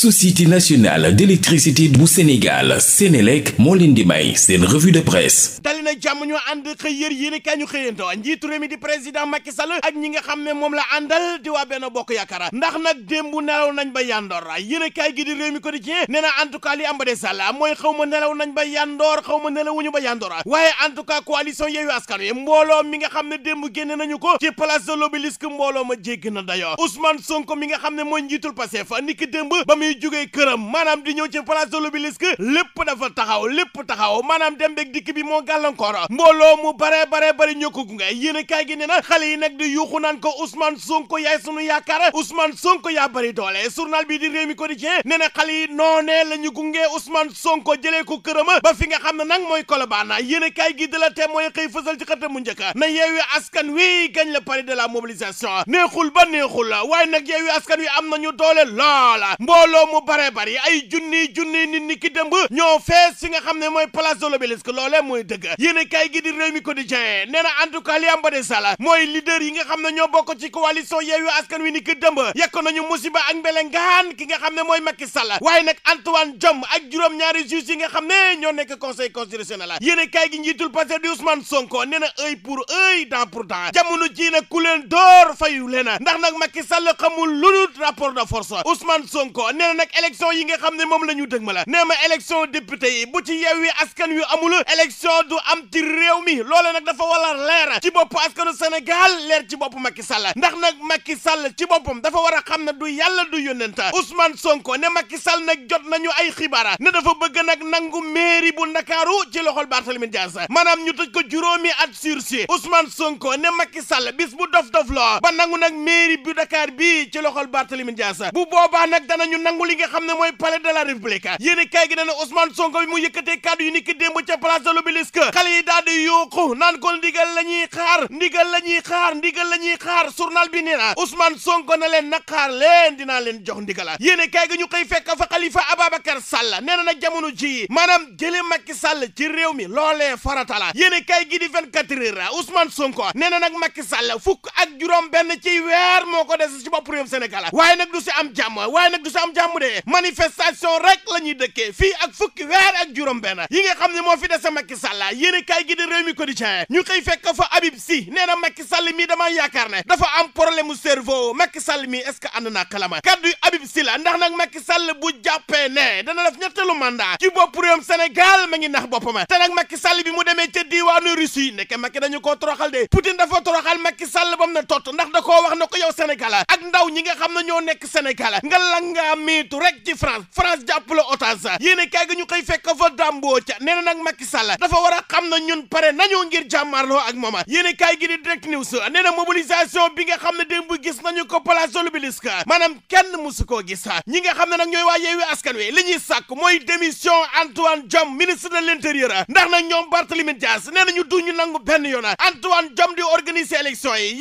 société nationale d'électricité bu Sénégal Sénélec moo leen di may seen revue de presse dali jàmm ñu ànd xëy yër yéen kaay ñu xëyanto njiitu réew di président Macky Sall ak ñi nga xam ne moom la àndal di waa benn bokk yaakaar ndax nag démb nelaw nañ ba yandoor yéen kaay gi di réew mi quotidien nee na en tout cas li am ba des sàll mooy xaw nelaw nañ ba yandoor xaw ma nelawuñu ba yandoor waaye en tout cas coalition Yewwi Askan Wi mbooloo mi nga xam ne démb génn nañu ko ma jégg na dayoo Ousmane ne mooy njiitul muy jógee këram maanaam di ñëw ci place de l'Obélisque lépp dafa taxaw lépp taxaw maanaam dem beeg dikk bi moo gallankoor mbooloo mu bare bare bari ñoo ko gunge yéen kaay gi ne na xale yi nag di yuuxu naan ko Ousmane Sonko yaay sunu yaakaar Ousmane Sonko yaa bari doole journal bi di Rewmi Quotidien nee na xale yi noonee la ñu gunge Ousmane ko jëlee ko këram ba fi nga xam ne nag mooy Colobane yéen kaay gi de la Témoin xëy fësal ci xët mu njëkk na yeewi askan wi gañ la pari de la mobilisation neexul ba neexul waaye nag yeewi askan wi am nañu doole mbooloo mu bare bari ay junni junni nit ñi ki dëmb ñoo fees si nga xam ne mooy place de l'Obélisque loolee mooy dëgg yéen kay gi di réew mi quotidien nee na en tout cas de sala mooy leader yi nga xam ne ñoo bokk ci coalition Yewwi Askan Wi ni dëmb yekk nañu musiba ak mbelengaan ki nga xam ne mooy Macky waaye nag Antoine Diome ak juróom-ñaari juge yi nga xam ne ñoo nekk conseil constitutionnel yéen kay gi njiitul Pastef di Ousmane Sonko nee na œil pour ji nag ku leen door fayu leen ndax nag Macky Sall xamul lu dul rapport de nee nag élection yi nga xam ne moom la ñu dëg ma la nee ma élection député yi bu ci yew wi askan yu amul élection du am ci réew mi loole nag dafa war a leer ci bopp askanu Sénégal leer ci bopp Macky Sall ndax nag Macky sàll ci boppam dafa war a xam na du yàlla du yónnenta Ousmane Sonko ne Macky Sall nag jot nañu ay xibaar ne dafa bëgg nag nangu mairie bu Ndakaaru ci loxol Barthélemy Dias maanaam ñu tëj ko juróomi at sursis Ousmane Sonko ne Macky Sall bis bu dof dof loo ba nangu nag mairie bu Dakar bii ci loxol Barthélemy Dias bu boobaa nag danañu nangu romb li nga xam ne mooy palais de la république yéen gi dana Ousmane Sonko bi mu yëkkatee kàddu yu ni ki ca place de l'Obélisque xale yi daal naan ko ndigal la ñuy xaar ndigal la ñuy xaar ndigal la ñuy xaar journal bi nee na Ousmane Sonko na leen na xaar leen dinaa leen jox a yéen kaay gi ñu koy fekk fa Khalifa Ababacar Sall nee na nag jamono ji maanaam jële Macky Sall ci réew mi loolee farata la yéen kaay gi di 24 heures Ousmane Sonko ne na nag Macky Sall fukk ak juróom benn ci moo ko des ci bopp réew Sénégal waaye nag du si am jàmm jàmm de manifestation rek la ñuy dëkkee fii ak fukki weer ak juróom benn yi nga xam ne moo fi dese Macky Sall yéene kaay gi di réew mi quotidien ñu xëy fekk fa Habib Sy nee na Macky Sall mi dama yaakaar ne dafa am problème mu cerveau Macky Sall mi est-ce que ànd naa kalama kaddu yu Habib la ndax nag Macky Sall bu jàppee ne dana def ñetteelu mandat ci bopp réewum Sénégal ma ngi nax boppam te nag Macky Sall bi mu demee ca diiwaanu Russie nekk Macky ma koo Sall bam na tot ndax da koo wax na ko yow Sénégal ak ndaw ñi nga xam ne ñoo nekk Sénégal nga langaam minutes rek ci France France jàpp la otage yéen kaay gi ñu koy fekk fa dàmboo ca nee na dafa war a xam na ñun pare nañu ngir jàmmaarloo ak moom yéen kaay gi di direct news nee na mobilisation bi nga xam ne démb gis nañu ko place de l'Obélisque maanaam nga xam ne nag ñooy waa Yewwi Askan Wi li ñuy sàkk mooy démission Antoine Diome ministre de l'intérieur ndax nag ñoom Barthélémy na benn yoon Antoine Diome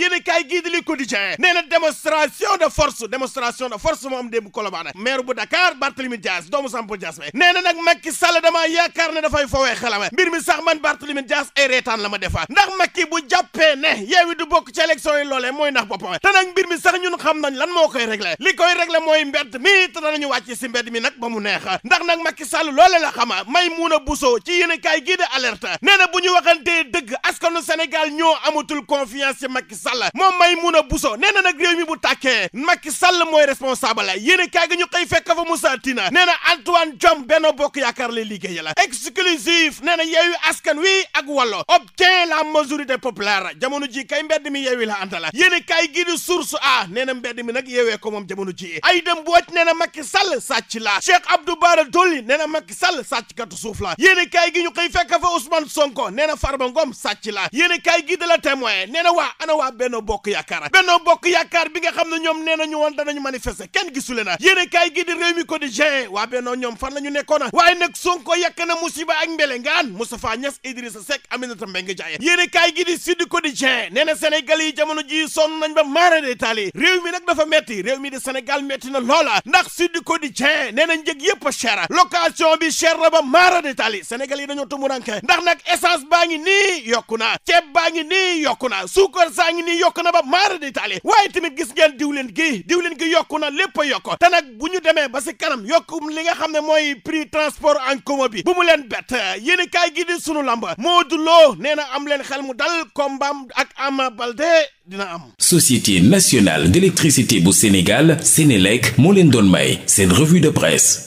di kaay gii di Le Quotidien nee na démonstration de force démonstration de force moo am démb Colobane maire bu Dakar Barthélemy Dias doomu Sampou Dias me nee na nag Macky Sall damaa yaakaar ne dafay fowee xelama mbir mi sax man Barthélemy Dias ay reetaan la ma defaat ndax Macky bu jàppee ne yeewi du bokk ci yi loolee mooy ndax boppam te nag mbir mi sax ñun xam nañ lan moo koy réglé li koy réglé mooy mbedd mi te danañu wàcc si mbedd mi nag ba mu neex ndax nag Macky Sall loole la xama may muun a busoo ci yéen kaay gii de alerte nee na bu ñu waxantee dëgg askanu Sénégal ñoo amatul confiance ci Macky Sall moom may muun a busoo nee na nag réew mi bu tàkkee Macky Sall mooy responsable yéen kaay gi ñu xëy fekk fa Moussa Tina nee na Antoine Diome Benno Bokk Yaakaar lay liggéey la exclusif nee na yeewu askan wi ak Wallu obtient la majorité populaire jamono jii kay mbedd mi yeewi la ànta la yéen kay gii di source a nee na mi nag yeewee ko moom jamono ji ay dem bu wàcc nee na Macky Sall sàcc la Cheikh Abdou Bara Dolly nee na Macky Sall sàcc katu suuf la yéen kay gi ñu xëy fekk fa Ousmane Sonko nee na Farba Ngom la yéen kay gii la témoin nee waa ana waa Benno Bokk Yaakaar Benno Bokk Yaakaar bi nga xam ne ñoom nee na ñu woon danañu manifester kaay gi di réew mi quotidien waa bennoo ñoom fan la ñu nekkoona waaye nag Sonko yàkk na musiba ak mbele ngaan Moustapha Niass Idrissa Seck Aminata Mbengue Ndiaye yéen kaay gi di Sud Quotidien nee na Sénégal yi jamono ji sonn nañ ba maara de taali réew mi nag dafa metti réew mi di Sénégal metti na loola ndax Sud ko nee na njëg yëpp a cher location bi cher na ba maara de taali Sénégal yi dañoo tumuranke ndax nag essence baa ngi nii yokku na ceeb baa ngi nii yokku na suukar saa ngi nii yokku na ba maara de taali waaye tamit gis ngeen diwlin gi diwlin gi yokku na lépp a yokk te nag bu bu ñu demee ba si kanam yokk li nga xam ne mooy prix transport en commun bi bu mu leen bett yéen kaay gi sunu lamba Modou Lo nee na am leen xel mu dal kombaam ak Ama Baldé dina am. Société nationale d'électricité bu Sénégal Sénélec moo leen doon may seen revue de presse.